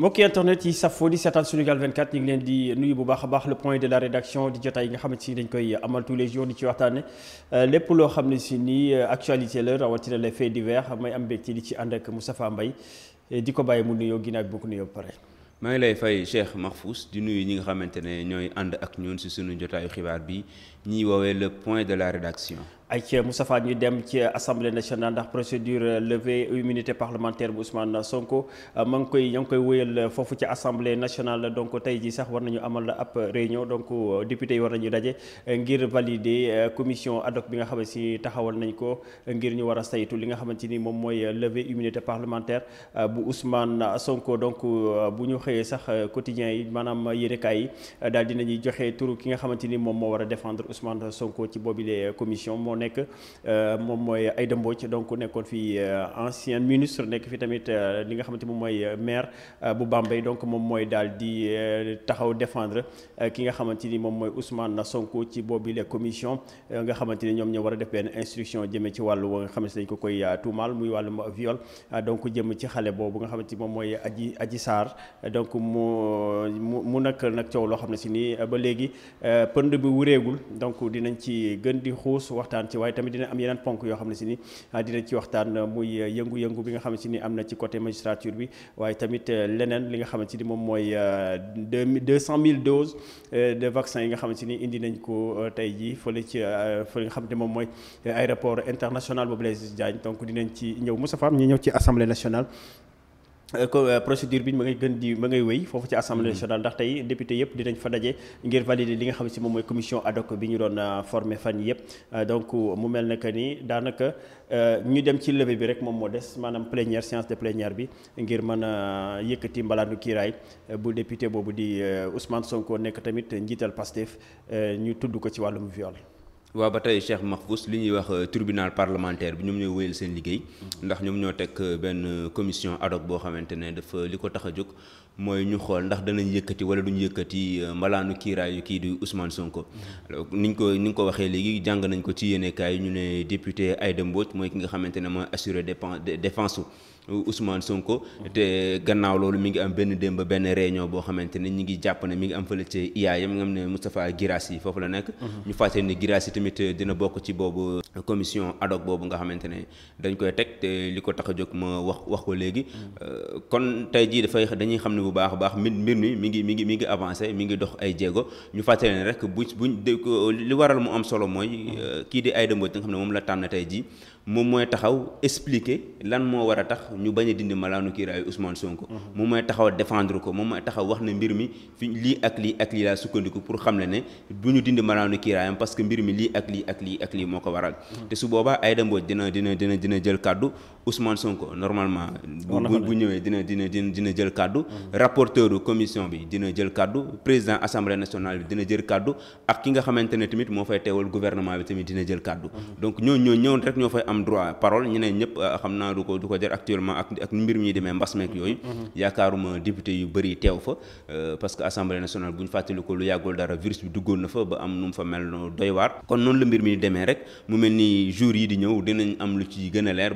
mbokki internet yi safo di seetaan Sunugal 24 ñu ngi leen di nuyu bu baax a baax le point de la rédaction di jotaay yi nga xamante si dañ koy amal tous les jours di ci waxtaane euh, lépp loo xam ne si ni euh, actualité la rawatina les faits divers may am mbégte di ci ànd ak Moustapha Mbaye euh, di ko bàyyi mu nuyoo ginnaaw bi bu ko pare. maa ngi lay fay Cheikh Mahfous di nuyu ñi nga xamante ne ñooy ànd ak ñoon si sunu jotaayu xibaar bi ñiy woowee le point de la rédaction. ay ci Moustapha ñu dem ci assemblée nationale ndax procédure levée immunité parlementaire bu Ousmane Sonko euh, ma ngi koy ña ngi koy wéyal foofu ci assemblée nationale donc tey jii sax war nañu amal ab réunion donc euh, député yi war nañu daje euh, ngir valider commission ad hoc bi nga xam ne si taxawal nañ ko ngir ñu war a saytu li nga xamante ni moom mooy leve immunité parlementaire bu Ousmane Sonko donc bu ñu xëyee sax quotidien yi maanaam yéenekaay yi daal dinañuy joxe turu ki nga xamante ni moom moo war a défendre Ousmane Sonko ci boobile commission nekk euh, moom mooy Aïda Mbodj donc nekkoon fi euh, ancien ministre nekk fi tamit euh, li nga xamante moom mooy maire bu Bambey moom mooy daal di taxaw défendre ki nga xamante ni moom mooy Ousmane Sonko ci boobu les commission nga xamante ni ñoom ñoo war a def benn instruction jëmee ci wàllu nga xamante dañ ko koy tuumaal muy wàllum viol donc jëm ci xale boobu nga xamante ni moom mooy Adji Adji Sarr donc mu mu mu nag nag coow loo xam ne si nii ba léegi pënd bi wuréegul donc dinañ ci gën di xuus waxtaan ci waaye tamit dina am yeneen ponk yoo xam ne si ni ah, dina ci waxtaan muy yëngu-yëngu bi nga xam ne si ni am na ci côté magistrature bi waaye tamit euh, leneen li nga xam ne si ni moom mooy euh, deux deux cent mille doses euh, de vaccin yi nga xam ne si ni indi nañ ko tey jii fële ci fële nga xam ne moom mooy aéroport international bu Blaise jaañ donc dinañ ci ñëw Moussa Fam ñu ñëw ci assemblée nationale ko euh, euh, procédure bi ma ngay gën di ma ngay wéy foofu ci assemblée mm-hmm. nationale ndax tey député yëpp dinañ fa daje ngir valider li nga xam si moom mooy commission ad hoc bi ñu doon euh, formé fan yëpp donc mu mel ne que ni daanaka ñu dem ci levée bi rek moom moo des maanaam plénière séance de plénière bi ngir mën a yëkkati mbalaanu kiiraay bu député boobu di Ousmane Sonko nekk tamit njiital Pastef ñu tudd ko ci wàllum viol waaw ba tey Cheikh Mahfous li ñuy wax euh, tribunal parlementaire bi ñoom ñooy wéyal seen liggéey ndax ñoom ñoo teg euh, benn euh, commission ad boo xamante ne dafa li ko tax a jóg mooy ñu xool ndax danañ yëkkati wala duñ yëkkati mbalaanu kiiraayu kii di Ousmane Sonko niñ ko ni nga ko waxee léegi jàng nañ ko ci yéenekaay yi ñu ne député Aïda Mbodj mooy ki nga xamante ne mooy assurer défense défense Ousmane Sonko. te gannaaw loolu mi ngi am benn démb benn réunion boo xamante ne ñi ngi jàpp ne mi ngi am fële ci IAM nga xam ne Moustapha Guirassy foofu la nekk. ñu fàtte fàttali ne Guirassy tamit dina bokk ci boobu commission ad boobu nga xamante ne dañ koy teg te li ko tax a jóg ma wax wax ko léegi. Euh, kon tey jii dafay dañuy xam ne bu baax a baax mbir mbir mi mi ngi mi ngi mi ngi avancé mi ngi dox ay jéego ñu fàttali ne rek buñ buñ li waral mu am solo mooy. Euh, kii di Aïda Mbodj nga xam la tànn tey jii. moom mooy taxaw expliquer lan moo war a tax ñu bañ a dindi malaanu kiiraayu Ousmane Sonko. Mhm. moom mooy taxaw défendre ko moom mooy taxaw wax na mbir mi fi lii ak lii ak lii laa sukkandiku pour xam ne ne bu ñu dindi malaanu kiiraayam parce que mbir mi lii ak lii ak lii ak lii moo ko waral. Mhm. te su boobaa ay Aïda Mbodj dina dina dina dina jël kàddu Ousmane Sonko normalement. bu bu ñëwee dina dina dina dina jël kàddu. Mhm. rapporteur commission bi dina jël kàddu président assemblée nationale bi dina jël kàddu ak ki nga xamante ne tamit moo fay teewal gouvernement bi tamit dina jël kàddu. am droit parole ñeneen ñëpp euh, xam naa du ko du ko jar actuellement ak mbir mi demee mbas meeg yooyu mm-hmm. yaakaaruma député yu bëri teew fa euh, parce que assemblée nationale bu ñu ko lu yàggul dara virus bi duggoon na fa ba am nu mu fa mel noonu di ñëw dinañ am lu ci gën a leer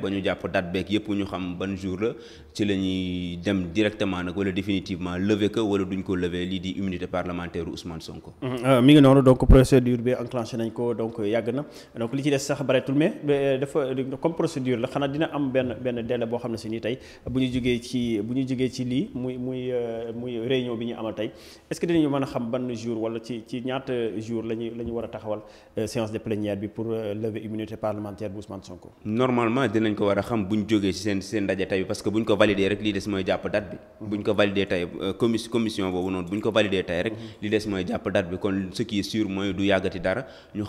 di immunité parlementaire Ousmane Sonko mm-hmm. euh, mi ngi noonu donc procédure bi enclenché nañ ko donc yàgg na donc li ci des sax bareetul mais dafa Euh, comme procédure la xanaa dina am benn benn délai boo xam ne si nii tey bu ñu jugee ci bu ñu jugee ci lii muy muy euh, muy réunion bi ñu amal tey est-ce ñu dinañu mën a xam ban jour wala ci ci ñaata jour la ñu la ñu war a taxawal euh, séance de plénière bi pour lever immunité parlementaire bu Ousmane Sonko. normalement dinañ ko war a xam bu ñu jógee ci seen seen ndaje tey parce que bu ko validé rek lii des mooy jàpp date bi. Mmh. bu ko validé tey commission boobu noonu bu ñu ko validé tey rek mmh. li des mooy jàpp date bi kon ce qui est sûr mooy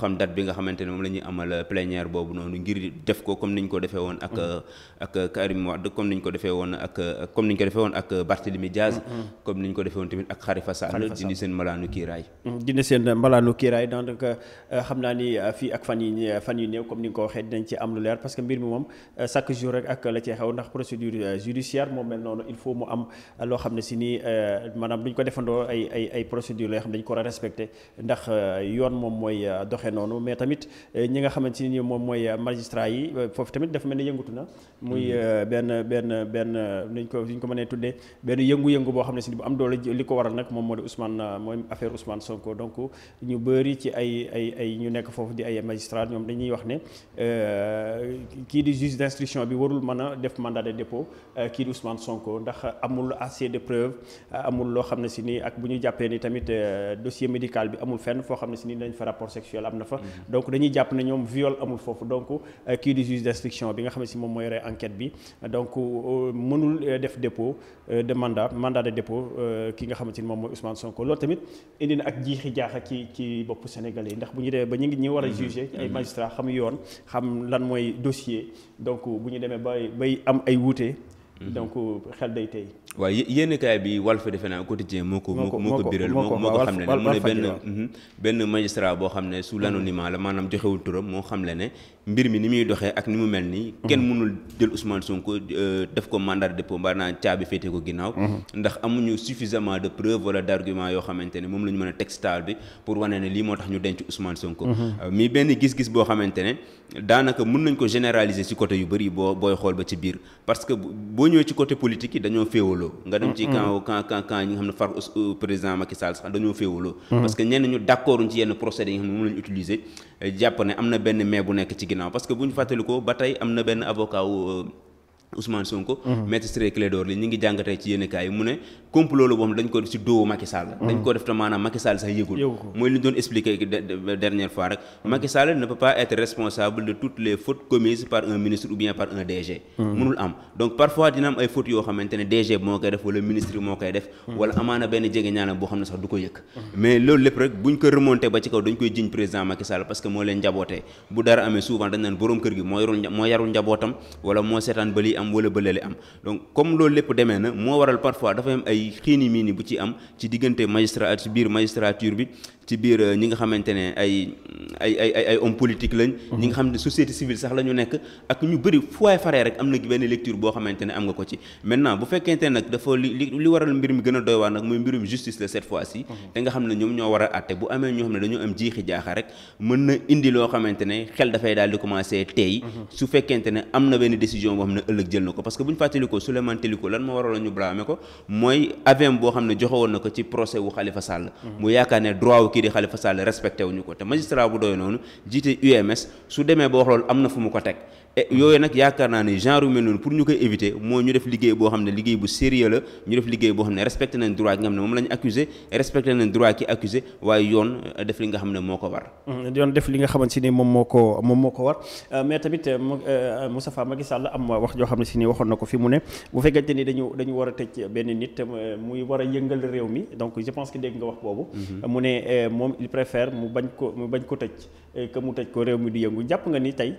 xam date bi nga xamante ne moom la ñuy amal plénière boobu noonu ngir def ko comme ni ñu ko defee woon ak mm-hmm. ak Karim Wade comme ni ñu ko defee woon ak comme ni mm-hmm. comme ni ñu ko defee woon tamit ak Khalifa Sall dindi seen mbalaanu kiiraay mm-hmm. dindi seen mbalaanu kiiraay donc euh, xam naa ni euh, fii ak fan yi fan yu néew comme ni nga ko waxee dinañ ci am lu leer parce que mbir mi moom euh, chaque jour rek ak la ci xew ndax procédure judiciaire moom mel noonu il faut mu am loo xam ne si nii maanaam duñ ko defandoo ay ay ay procédure xam ne dañ ko war a respecté ndax yoon moom mooy doxee noonu mais tamit ñi nga xamante ni moom mooy magistrat yi yi foofu tamit dafa mel ni yëngatu na muy mhm. euh, benn benn benn nuñ ko ñu ko mënee tuddee benn yëngu-yëngu boo xam ne si bu am doole li ko waral nag moom moo di Ousmane euh, mooy affaire Ousmane Sonko donc ñu bëri ci ay ay ay ñu nekk foofu di ay magistrat ñoom dañuy wax ne euh, kii di juge d'instruction bi warul mën a def mandat de dépôt kii di Ousmane Sonko ndax amul assez de preuves amul loo xam ne si ni ak bu ñu jàppee ni tamit dossier médical bi amul fenn foo xam ne si ni dañ fa rapport sexuel am na fa mhm. donc dañuy jàpp ne ñoom viol amul foofu donc kii di juge d'instruction bi nga xam si moom moo yore enquête bi donc euh, mënul euh, def dépôt euh, de mandat mandat de dépôt ki nga xamante ni moom mooy Ousmane Sonko loolu tamit indi na ak jiixi jaaxa ci ci boppu Sénégalais yi ndax bu ñu demee ba ñu ngi ñu war a mhm. jugé ay mhm. magistrats xam yoon xam lan mooy dossier donc bu ñu demee bay bay am ay wute mhm. donc xel day tey waaw yéenekaay bi Walf defe naa quotidien moo ko moo ko moo ko biral moo moo ko xam ne mu ne benn mhm, benn magistrat boo xam ne sous l'anonymat la maanaam joxewul turam moo xam le ne mbir mi ni muy doxee ak ni mu mel nii mhm. kenn mënul jël Ousmane Sonko euh, def ko mandat de dépôt mbaa naa caabi féete ko ginnaaw mhm. ndax amuñu suffisamment de preuve wala d'argument yoo xamante ne moom la ñu mën a textal bi pour wane ne lii moo tax ñu denc Ousmane Sonko mi euh, benn gis-gis boo xamante ne daanaka mën nañ ko généraliser ci côté yu bëri boo booy xool ba ci biir parce que boo ñëwee ci côté politique yi dañoo féewaloo féewaloo nga dem ci camp camp camp camp ñi nga xam ne far euh, président Macky Sall sax dañoo féewaloo parce que ñenn ñu d'accord uñ ci yenn procédés yi nga xam ne moom lañu utiliser jàpp ne am na benn mais bu nekk ci ginnaaw parce bu ñu fàttali ba tey am na benn avocat euh, Ousmane Sonko. Mhm. maître Ciré Clédor Ly ñu ngi jàngatee ci yéen kaay mu ne complot la boo xam dañ mhm. dañ koy def wala ministre moo mhm. dañ koy jiñ président Macky moo seetaan bali am wala bëlale am donc comme loolu lépp demee na moo waral parfois dafa am ay xiini miini bu ci am ci diggante magistrat ci biir magistrature bi ci biir euh, ñi nga xamante ne ay ay ay ay politique lañ. Mhm. xam ne société civile sax la ñu nekk ak ñu bëri fooy faree rek am na benn lecture boo xamante ne am nga ko ci. maintenant bu fekkente ne nag a doy mhm. a àtte bu amee ñoo xam ne dañoo am jiixi jaaxa rek mën na indi loo xamante ne xel dafay daal commencer tey. Mhm. su fekkente ne am na benn décision boo xam ne ëllëg jël na ko parce que bu ñu fàttalikoo Souleymane Téliko lan moo waraloon ñu blâmer ko mooy avion boo xam ne joxewoon na ko ci procès wu Khalifa Sall mu yaakaar ne droit kii di Khalifa Sall respecté wuñu ko te magistrat bu doy noonu jiite UMS su demee ba wax loolu am na fu mu ko teg Eh, yooyu nag yaakaar naa ne genre yu mel noonu pour ñu koy éviter moo ñu def liggéey boo xam ne liggéey bu sérieux la ñu def liggéey boo xam ne respecté ne moom droit ki yoon eh, def nga xam ne moo ko war mm, yoon def li nga xamante ni moom moo ko moom moo ko war euh, mais tamit euh, euh, Moustapha Macky Sall am wax joo xam ne si ni waxoon na ko fi mu ne bu fekkente ni dañu dañu war a tëj benn nit muy war a yëngal réew mi donc je pense que dégg nga wax boobu mm-hmm. mu ne moom il préfère mu bañ ko mu bañ ko tëj que mu tëj ko réew mi du yëngu jàpp nga ni tey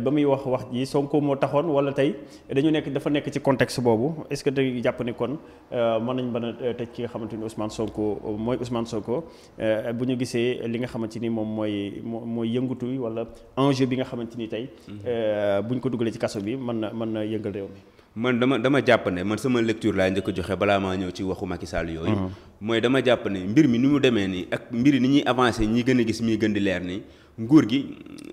ba muy wax wax wax ji Sonko moo taxoon wala tey dañu nekk dafa nekk ci contexte boobu est-ce que dañuy jàpp ni kon euh, mën nañ mën a euh, tëj ki nga xamante ni Ousmane Sonko mooy Ousmane Sonko euh, bu ñu gisee li nga xamante ni moom mooy mooy yëngatu wala enjeu bi nga xamante ni tey. Mhm. bu ñu ko dugalee ci kaso bi mën na mën na yëngal réew mi. man dama dama jàpp ne man sama lecture laay njëkk joxe balaa maa ñëw ci waxu Macky Sall yooyu. Mhm. mooy dama jàpp ne mbir mi ni mu demee nii ak mbir ni ñuy avancé ñi gën a gis mi gën di leer nii. nguur gi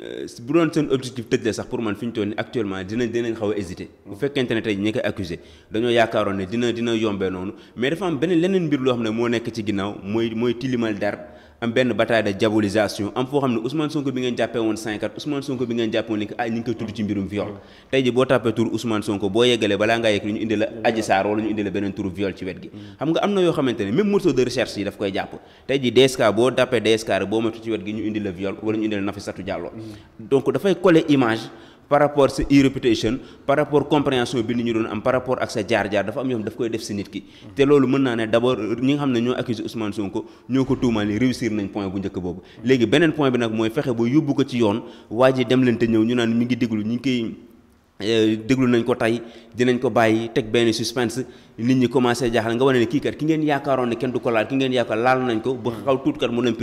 euh, bu doon seen objectif tëj la sax pour man fi ñu toll ni actuellement dina dinañ xaw a hésité. bu fekkente ne tey ñi koy accusé dañoo yaakaaroon ne dina dina yombee noonu mais dafa am beneen leneen mbir loo xam ne moo nekk ci ginnaaw mooy mooy tilimal dar am benn bataille de am foo xam ne Ousmane Sonko bi ngeen jàppee woon 54 Ousmane Sonko bi ngeen jàppee woon li ah ñu koy tudd ci mbirum viol tey boo tàppee tur Ousmane Sonko boo yeggalee balaa ngaa yegg ñu indi la Adji Sarr wala ñu indi la beneen tur viol ci wet gi xam nga am na yoo xamante ne même moteur de recherche yi daf koy jàpp tey ji DSK boo tàppee DSK boo matu ci wet gi ñu indi la viol wala ñu indi la Nafissatou Diallo mm. donc par rapport sa e-réputation par rapport compréhension bi ni ñu doon am par rapport ak sa jaar-jaar dafa am ñoo xam daf koy def si nit ki te loolu mën naa ne d'abord ñi nga xam ne ñoo accusé Ousmane Sonko ñoo ko tuumaal réussir nañ point bu njëkk boobu léegi beneen point bi nag mooy fexe ba yóbbu ko ci yoon waa ji dem leen te ñëw ñu naan mi ngi déglu ñu ngi koy Eh, déglu nañ ko tey dinañ ko bàyyi teg benn suspense nit ñi commencé jaaxal nga wane ne kii kat ki ngeen yaakaaroon ne kenn du ko laal ki ngeen yaakaar laal nañ ko ba xaw tuut mu dem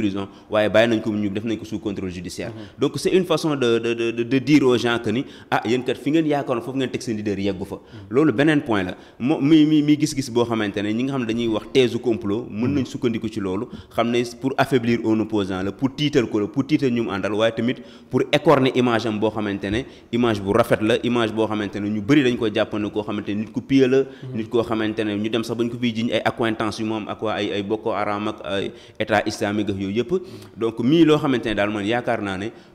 waaye bàyyi nañ ko mu ñu def nañ ko sous contrôle judiciaire mm-hmm. donc c'est une façon de de de aux gens que ni ah yéen kat fi ngeen yaakaaroon foofu ngeen teg seen leader yeggu fa mm-hmm. loolu beneen point la moo mi mi gis-gis boo xamante ñi nga xam ne dañuy wax teesu complot mën nañ mm-hmm. sukkandiku ci loolu xam ne pour affaiblir un opposant la image boo xamante ne ñu bëri dañ ko jàpp ne koo xamante ne nit ku pieux mm-hmm. nit koo xamante ne ñu dem sax bañ ko fiy jiñ ay accointance yu moom ak ay ay Boko ay état islamique ak yooyu mm-hmm. donc mii loo xamante ne daal man yaakaar naa ne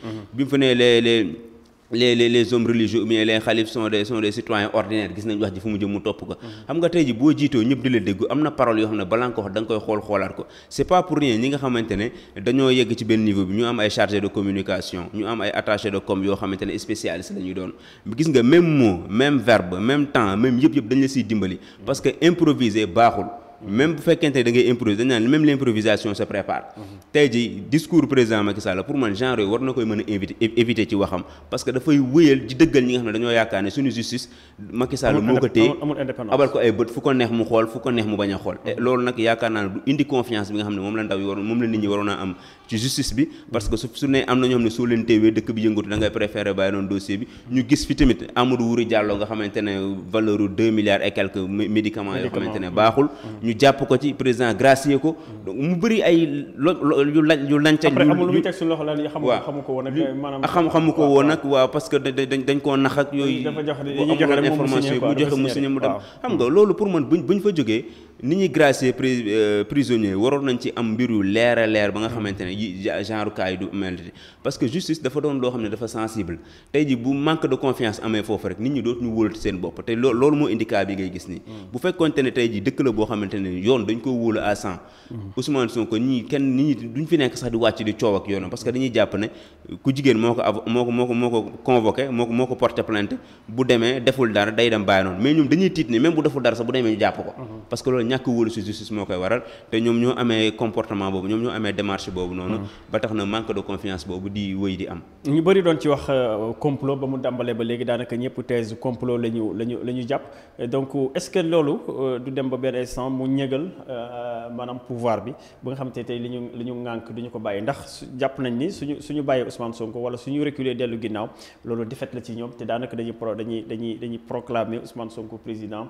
politique. bi mu fa nee les les les les hommes religieux ou bien les xalif sont des sont des citoyens ordinaires gis nañ wax ji fu mu jëm mu topp ko. xam nga tey ji boo jiitoo ñëpp di la dégg am na parole yoo xam ne balaa nga koy xool xoolaat ko c'est pas pour rien ñi nga xamante ne dañoo yegg ci benn niveau bi ñu am ay chargé de communication ñu am ay attaché de com yoo xamante ne spécialiste la ñuy doon gis nga même mot même verbe même temps même yëpp yëpp dañ siy dimbali parce que improviser baaxul. même bu fekkente ne da ngay improviser dañ improvisation se prépare. tey ji discours président Macky pour man genre yooyu war na koy mën a éviter éviter ci waxam parce dafay wëyal di dëggal ñi nga xam ne dañoo yaakaar ne suñu justice. Macky moo ko téye abal ko ay bët fu ko neex mu xool fu ko neex mu bañ a xool. loolu nag yaakaar naa ne du indi confiance bi nga xam ne moom la ndaw yi waroon moom la nit ñi waroon a am ci justice bi parce que su ne am na ñoo xam ne soo leen téewee dëkk bi yëngatu da préféré bàyyi noonu dossier bi ñu gis fi tamit Amadou Wuri Diallo nga xamante ne valeur deux milliards et quelques médicaments yoo xamante ne mm-hmm. mu joxe mu signé mu dem xam nga loolu pour man buñ buñ fa jógee ni ñuy gracier euh, prisonnier waroon nañ ci am mbiru leer a ba nga xamante ne yi genre cas yi du mel parce que dafa doon loo xam ne dafa sensible tey ji bu manque de confiance foofu rek nit ñi dootuñu wóolati seen bopp te loo loolu moo indi cas bi ngay gis nii mm. bu ne tey ji dëkk la boo xamante ne yoon dañ ko wóolu à cent mm. Ousmane kenn nit ñi duñ fi nekk sax di wàcc di coow ak yoonam parce que dañuy jàpp ne ku jigéen moo ko av moo moo ko moo ko moo ko moo ko porté bu demee deful dara day dem bàyyi noonu mais ñoom dañuy tiit ne même bu deful dara sax bu demee ñu jàpp ko mm-hmm. ñàkk wóolu si justice moo koy waral te ñoom ñoo amee comportement boobu ñoom ñoo amee démarche boobu noonu mm. ba tax na manque de confiance boobu di wéy di am ñu bëri doon ci wax euh, complot ba mu dàmbalee ba léegi daanaka ñëpp thèse complot la jàpp donc est-ce euh, ba euh, bi ba nga xam te tey li ñu li ñu ŋànk duñu ko bàyyi ndax jàpp nañ ni suñu suñu bàyyee Ousmane Sonko wala suñu reculer dellu ginnaaw loolu défaite la ci ñoom te daanaka dañuy pro dañuy dañuy dañuy proclamer Ousmane Sonko président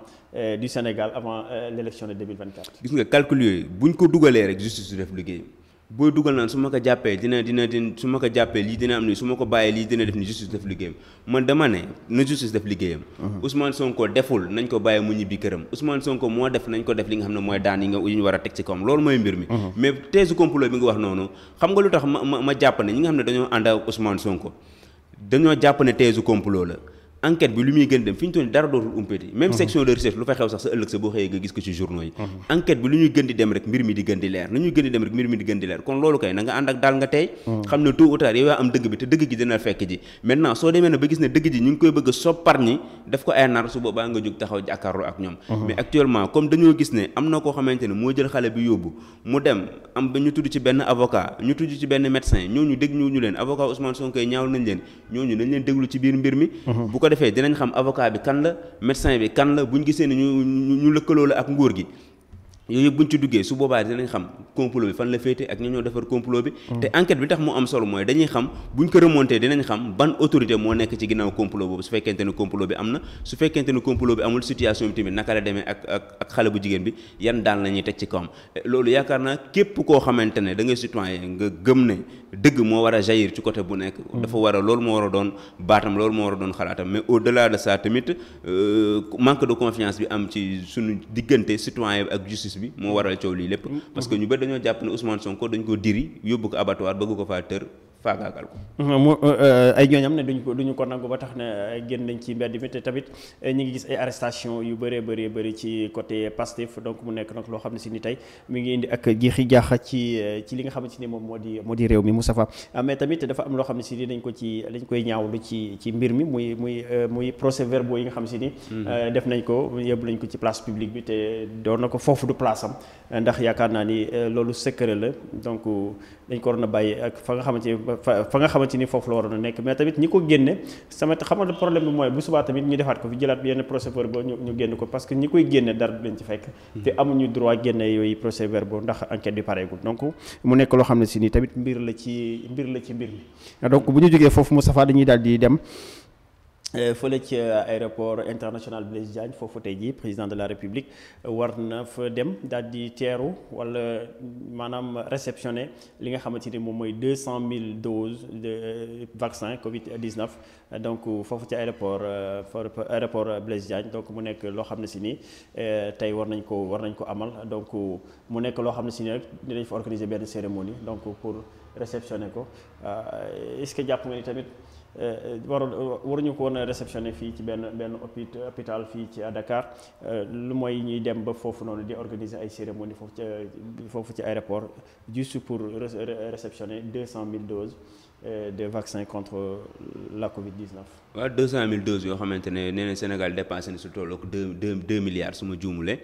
de 2024. gis nga calcul yooyu buñ ko dugalee rek justice du def liggéey booy dugal naan su ma ko jàppee dina dina dina su ma ko jàppee lii dina am ni su ma ko bàyyee lii dina def ni justice def liggéeyam man dama ne na justice def liggéeyam mhm. Ousmane Sonko deful nañ ko bàyyi mu ñibbi këram Ousmane Sonko moo def nañ ko def li nga xam ne mooy daan yi nga yu war a teg ci kawam loolu mooy mbir mi mhm. mais teesu complot bi nga wax noonu xam nga lu tax ma ma jàpp ne ñi enquête bi lu muy gën dem fi ñu toll dara dootul umpati mhm. même section de recherche lu fa xew sax sa ëllëg sa boo xëyee nga gis ko ci journaux yi mhm. enquête bi lu ñuy gën di dem rek mbir mi di gën di leer lu gën di dem rek mbir mi di gën di leer kon loolu kay na ànd ak daal nga tey mhm. xam ne tôt ou yow yaa am dëgg bi te dëgg gi dina fekk ji maintenant soo demee na ba gis ne dëgg ji ñu ngi koy bëgg a soppar ñi daf ko ay nar su boobaa nga jóg taxaw jàkkaarloo moo jël xale bi yóbbu mu dem am ba ñu tudd ci benn ci benn médecin ñooñu dégg ñu leen avocat Ousmane Sonko ñaawal nañ leen leen déglu ci biir mbir mi defee dinañ xam avocat bi kan la médecin bi kan la bu ñu gisee ne ñu ñu lëkkaloo la ak nguur gi yooyu yëpp bu ñu ci duggee su boobaa dinañ xam complot bi fan la féete ak ñoom ñoo defar complot bi mm. te enquête bi tax mu am solo mooy dañuy xam buñ ko remonté dinañ xam ban autorité moo nekk ci ginnaaw complot boobu su fekkente ne complot bi am na su fekkente ne complot bi amul situation bi tamit naka la demee ak jigéen bi yan daan la ñuy teg ci kawam eh, loolu yaakaar naa képp koo xamante ne da ngay citoyen nga gëm ne dëgg moo war a jaillir ci côté bu nekk mm. dafa war a moo war a doon baatam loolu moo war a doon xalaatam mais au delà de ça tamit euh, manque de confiance bi am ci suñu diggante citoyen bi ak justice bi moo waral coow lii lépp mm. parce ñu bëri dañoo jàpp ne Ousmane Sonko dañ ko diri yóbbu ko abattoir bëgg ko faa tër faagaagal ko. mu euh, ay ñooñam ne duñ ko duñu ko nangu ba tax na euh, génn nañ ci mbedd mi te tamit euh, ñu ngi gis ay arrestation yu bëree bëree bëri ci côté Pastef donc mu nekk nag loo xam ne si ni tey mi ngi indi ak jeexi jaaxa ci ci li nga xamante ni moom moo di moo di réew mi Moustapha ah, mais tamit dafa am loo xam ne si ni dañ koy ñaawlu ci ci mbir mi muy muy muy procès verbaux yi nga xam si ni. Mm-hmm. def nañ ko yóbbu nañ ko ci place publique bi te doon na ko foofu du place am ndax yaakaar naa ni loolu secret la a fa fa nga xamante ni foofu la waroon a nekk mais tamit ñi ko génne sama xam problème bi mooy bu subaa tamit ñu defaat ko fi jëlaat bi yenn procès verbaux ñu génn ko parce que ñi koy génne dara du leen ci fekk te hmm. amuñu droit génne yooyu procès verbaux ndax enquête bi pareegul donc mu nekk loo xam ne si nii tamit mbir la ci mbir la ci mbir mi donc bu ñu jógee foofu Moustapha dañuy daal di dem Euh, fële ci euh, aéroport international Blaise Diagne foofu tey jii président de la république euh, war na fa dem daal di teeru wala maanaam réceptionné li nga xamante ni moom mooy deux cent mille doses de vaccin Covid 19. donc foofu ci aéroport aéroport Blaise Diagne donc mu nekk loo xam ne si nii tey war nañ ko war nañ ko amal donc mu nekk loo xam ne si nii rek dinañ fa organiser benn cérémonie donc pour réceptionné ko est jàpp nga ni tamit. Eh, eh, waroon waruñu ko woon a fii ci benn benn hôpital fii ci à Dakar eh, lu mooy ñuy dem ba foofu noonu di organiser ay cérémonie foofu ca foofu ci aéroport juste pour réceptionner deux cent mille doses Euh, des vaccins contre euh, la Covid-19. waaw deux cent mille doses yoo xamante ne nee Sénégal dépensé na su toll ak deux deux deux milliards su ma juumulee.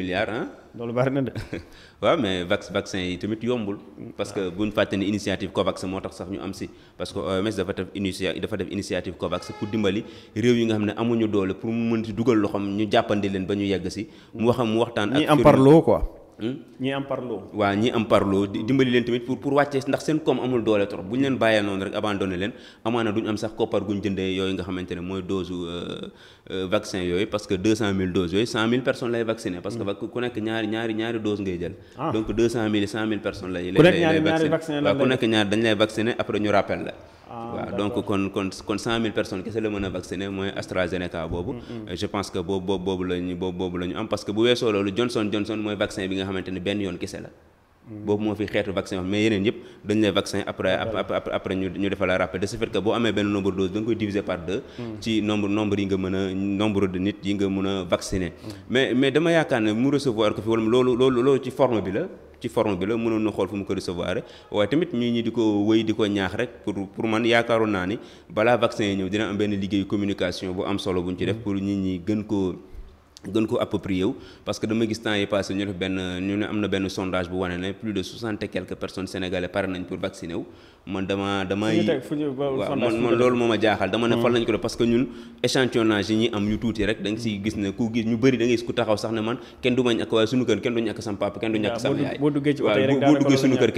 milliards ah. loolu bari na de. Euh, waaw mais vax vaccin yi tamit yombul. parce que bu ñu fàtte ne initiative COVAX moo tax sax ñu am si. parce que OMS dafa def initiative dafa def initiative COVAX pour dimbali réew yi nga xam ne amuñu doole pour mu mën si dugal loxoom ñu jàppandi leen ba ñu yàgg si. mu wax mu waxtaan ak. ñi am parloo quoi. Hmm? ñi am parlo. waaw ñi am parlo dimbali leen tamit pour pour wàccee ndax seen koom amul doole trop bu ñu leen bàyyee noonu rek abandonné leen amaana du ñu am sax koppar gu ñu jëndee yooyu nga xamante ne mooy dose euh, euh, vaccin yooyu parce que 200000 doses yooyu 100000 personnes lay vacciner. parce que hmm. ku nekk ñaari ñaari dose ngay jël. Ah. donc 200000 100000 personnes lay. lay lay vacciner ku nekk ñaari dañ lay vacciner après ñu rappel la. Ah, waaw donc kon kon kon cent mille personnes kese la mën a vacciner mooy AstraZeneca boobu. Mm, mm, mm. je pense que boobu boobu am parce que bu weesoo loolu Johnson Johnson mooy vaccin bi nga xamante ne benn yoon kese la. boobu moo fi xeetu vaccin wax mais yeneen yëpp dañ lay vaccin après après après ñu ñu defal la rappel de ce fait boo amee benn nombre dose da nga koy diviser par deux. ci nombre nombre de nit yi nga mën a vacciner. mais mais dama yaakaar ne mu recevoir ko ci forme bi la mënoon na xool fu mu ko recevoir waaye tamit ñu ñi di ko wéy di ko ñaax rek pour pour man yaakaaroon naa ni balaa vaccin yi ñëw dina am benn liggéeyu communication bu am solo buñ ci def pour nit ñi gën ko gën ko approprié wu parce que dama gis temps yi passé ñu def benn ñu ne am na benn sondage bu wane ne plus de soixante et quelques personnes pare nañ pour vacciner wu man dama damay man loolu moo ma jaaxal dama ne hmm. fan lañ ko def parce que ñun échantillonnage yi ñuy am yu tuuti rek da nga gis ne ku gis ñu bëri da gis ku taxaw sax ne man kenn du ma waaye suñu kër kenn du ñàkk sam kenn du ñàkk sam yaay boo duggee suñu kër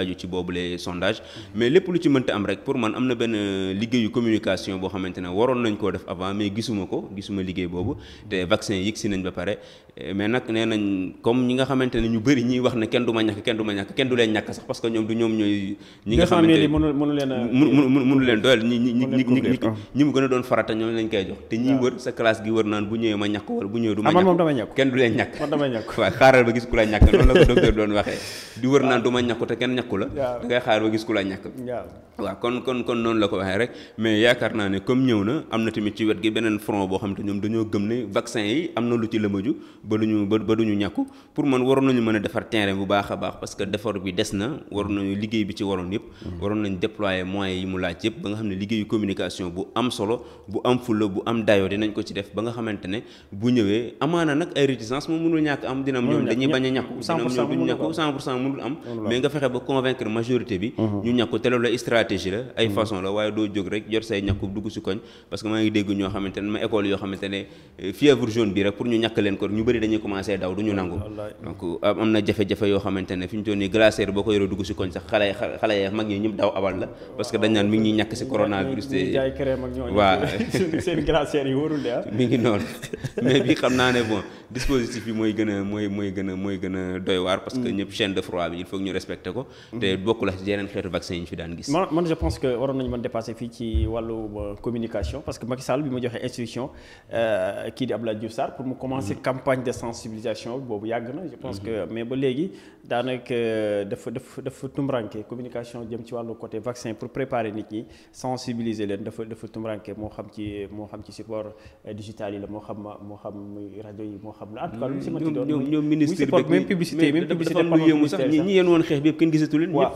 kenn boobule sondage mais lépp lu ci mënta am rek pour man am na benn liggéeyu communication boo xamante ne waroon nañ koo def avant mais gisuma ko gisuma liggéey boobu te vaccin yi si nañ ba pare mais nag nee comme ñi nga xamante ne ñu bëri ñiy wax ne kenn du ma ñàkk kenn ñi wër sa classe gi wër naan bu ñëwee ma ñàkk wala bu ñëwee du ma ah, ñàkk kenn du leen ñàkk waaw xaaral ba gis ku la ñàkk noonu la ko docteur doon waxee di wër naan du ma ñàkku kenn da ngay xaar ba gis ku la ñàkk waaw kon kon kon noonu la ko waxee rek mais yaakaar naa ne comme ñëw na am na tamit ci wet gi beneen front boo xam te ñoom dañoo na lu ci a defar terrain bu baax baax parce que defar bi des na waroon nañu liggéey bi ci waroon yëpp mm-hmm. waroon nañ déployer moyens yi mu laaj yëpp ba nga xam ne liggéeyu communication bu am solo bu am fulla bu am dayoo dinañ ko ci def ba nga xamante ne bu ñëwee amaana nag ay réticence moom mënul ñàkk am dina am ñoom dañuy bañ a ñàkku dina am ñoom duñu ñàkku 100 pour cent mënul am mais nga fexe ba convaincre majorité bi mhm. ñu ñàkku te loolu stratégie la ay mhm. façon la waaye doo jóg rek jot say ñàkku dugg si koñ parce que maa ngi dégg ñoo xamante ma école yoo xamante ne euh, fièvre bi rek pour ñu ñàkk leen ko ñu bëri dañuy commencé daw du nangu donc am na jafe-jafe yoo xamante fi ñu toon nii glacière boo ko yoree dugg si koñ sax xale ya mag ñi ñëpp daw abal la parce que dañ naan mi ngi ñuy ñàkk coronavirus te waaw seen ah. ngi noonu mais bi xam naa ne bon dispositif a a bokkul ak yeneen xeetu vaccin yi ñu fi daan gis. man man je pense que waroon nañu mën dépasser fii ci wàllu euh, communication parce que Macky bi ma joxe instruction euh, kii di Abdoulaye Diouf Sarr pour mu commencer mm-hmm. de sensibilisation boobu yàgg na. je pense mm-hmm. que mais ba léegi daanaka euh, dafa dafa dafa tumranke communication jëm ci wàllu côté vaccin pour préparer nit ñi sensibiliser leen dafa dafa tumranke moo xam ci moo xam ci support digital yi la moo xam moo xam muy yi moo xam la. en tout cas lu si ma ci mm-hmm. doon ñoom ministre bi yëpp kenn gisatu leen.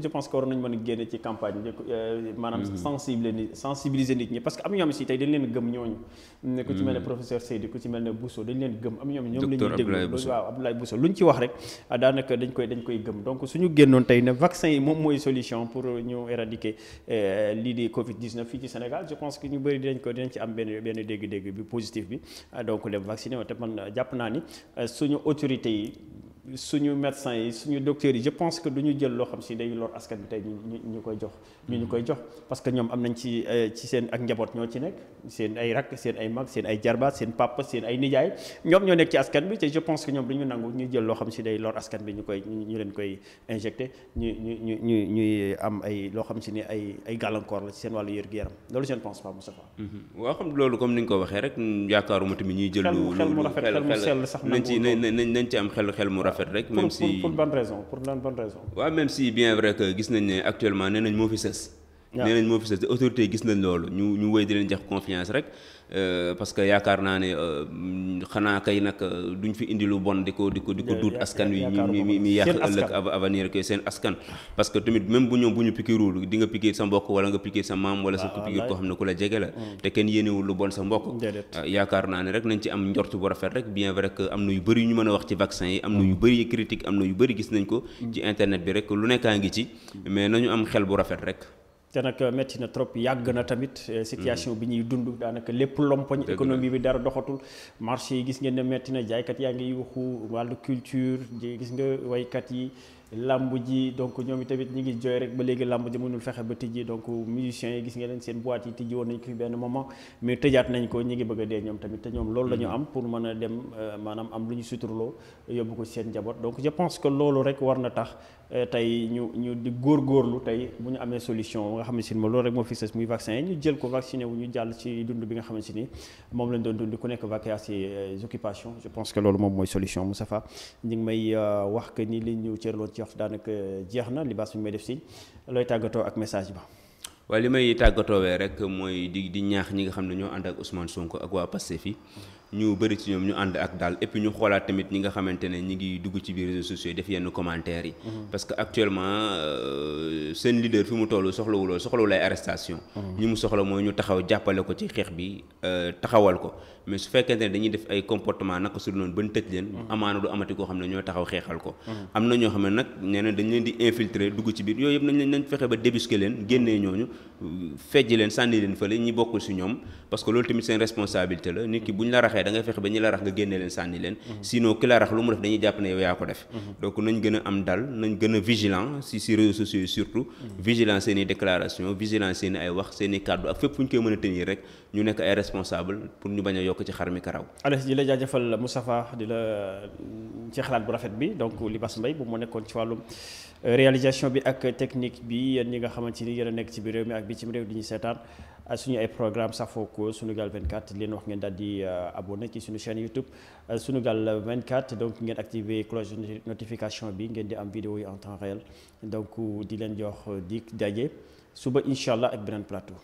je pense que war nañu mën a génne ci campagne bi euh, maanaam mm-hmm. sensibiliser sensibiliser nit ñi parce que am ñoom si tey dañ leen gëm ñooñu ne ku ci mel ne mm-hmm. professeur Seydi ku ci mel ne Bousso dañ leen gëm am ñoom ñoom la ñuy déglu waaw Abdoulaye Bousso lu ñu ci wax rek ah, daanaka dañ koy dañ koy gëm donc suñu génnoon tey ne vaccin yi moom mooy solution pour ñu éradiquer euh, lii di Covid 19 fii ci Sénégal je pense que ñu bëri dinañ ko dinañ ci am benn benn bi positif bi ah, donc dem vacciné jàpp naa ni euh, suñu autorité yi suñu médecins yi suñu docteurs yi je pense que du ñu jël loo xam si day lor askan bi tey ñu ñu koy jox parce que ñoom am nañ euh, ci seen ak njaboot ñoo ci nekk seen ay rakk seen ay mag seen ay jarbaat seen papa seen ay nijaay ñoo nekk ci askan bi te je ñu nangu ñu jël loo xam si day lor askan ñu ñu ñu ñu ñu ñu ñuy am ay loo la seen wàllu yër-gu-yaram loolu je ne pense pas Moustapha mm-hmm. waaw xam loolu comme ni nga ko waxee rek mm, yaakaaruma tamit ñuy jël xel mu rafet xel mu sell sax nañ ci nañ ci am xel xel mu rafet rafet rek. même si pour ban raison pour lan ban raison. waaw même si bien vrai que gis nañ ne actuellement nee nañ moo fi sës. nee nañ moo fi sës autorité gis nañ loolu ñu ñu wéy di leen jox confiance rek. Euh, parce que yaakaar naa ne euh, xanaa kay nag euh, duñ fi indi lu bon di ko di ko di ko duut askan wi mi mi yàq ëllëg avenir que seen askan parce que tamit même bu ñoom bu ñu pikiirul di nga pikiir sa mbokk wala nga pikiir sa maam wala sa ku pikiir koo xam ne ku la jege la mm. te kenn yéenewul lu bon sa mbokk yaakaar naa ne rek nañ ci am njort bu rafet rek bien vrai que am na yu bëri ñu mën a wax ci vaccin yi am na yu mm. bëri critique am na yu bëri gis nañ ko ci mm. internet bi rek lu nekkaa ngi ci mais nañu am xel bu rafet rek te nag métti na trop yàgg na tamit. Euh, situation mm. bi ñuy dund daanaka lépp lompoñ. économie bi dara doxatul. marché yi gis ngeen ne métti na jaaykat yaa ngi yuuxu wàllu culture gis nga waykat yi. làmb ji donc ñoom tamit ñi ngi jooy rek ba léegi làmb ji mënul fexe ba tijji donc musiciens yi gis nga leen seen boîte yi tijji woon nañ ko fi benn moment mais tëjaat nañ ko ñi ngi bëgg dee ñoom tamit te ñoom loolu lañu mm. am pour mën a dem euh, maanaam am lu ñu suturloo yóbbu ko seen njaboot donc je pense rek war na tax Euh, tey ñu ñu di góorgóorlu tey bu ñu amee solution nga xam ni si loolu rek moo fi sës muy vaccin yi ñu jël ko vacciné wu ñu jàll ci dund bi nga xamante ni moom lañ doon dund ku nekk vacances yi euh, occupation je pense que loolu moom mooy solution Moustapha ñu ngi may euh, wax que ni li ñu cëraloon ci wax daanaka jeex na li baas bi may def si looy tàggatoo ak message ba. waaye li may tàggatoo tàggatoowee rek mooy di di ñaax ñi nga xam ne ñoo ànd ak Ousmane Sonko ak waa Pastef fii ñu bëri ci ñoom ñu ànd ak daal et puis ñu xoolaat tamit ñi nga xamante ne ñi ngi dugg ci biir réseaux sociaux yi def yenn commentaires yi. Mm-hmm. parce que actuellement euh, seen leader fi mu toll soxlawul lool arrestation mm-hmm. ñi mu soxla mooy ñu taxaw jàppale ko ci xeex bi euh, taxawal ko mais su fekkente ne dañuy def ay comportement naka su noonu ban tëj leen. Mm-hmm. amaana du amati koo xam ne ñoo taxaw xeexal ko. am na ñoo xam ne nag nee na dañu leen di infiltrer dugg ci ba fejji leen sànni leen fële ñi bokkul si ñoom parce que loolu tamit seen responsabilité la nit ki bu ñu la raxee da ngay fexe nga génne leen sànni leen mhm. sinon ki la lu mu def dañuy jàpp ne yow yaa ko def mhm. donc nañ gën a am dal nañ gën a vigilant si si réseaux sociaux yi surtout mhm. vigilant seen i déclaration vigilant seen ay wax seen kàddu ak fépp fu ñu koy mën a rek ñu nekk ay responsable pour ñu bañ a yokk ci xar mi karaw Alès di bitim réew di ñu seetaan suñu ay programme safoo ko Sunugal 24 leen wax ngeen daal di euh, abonné ci suñu chaîne YouTube euh, Sunugal 24 donc ngeen activer cloche notification bi ngeen di am vidéo yi en temps réel donc di leen jox di daje suba incha allah ak beneen plateau.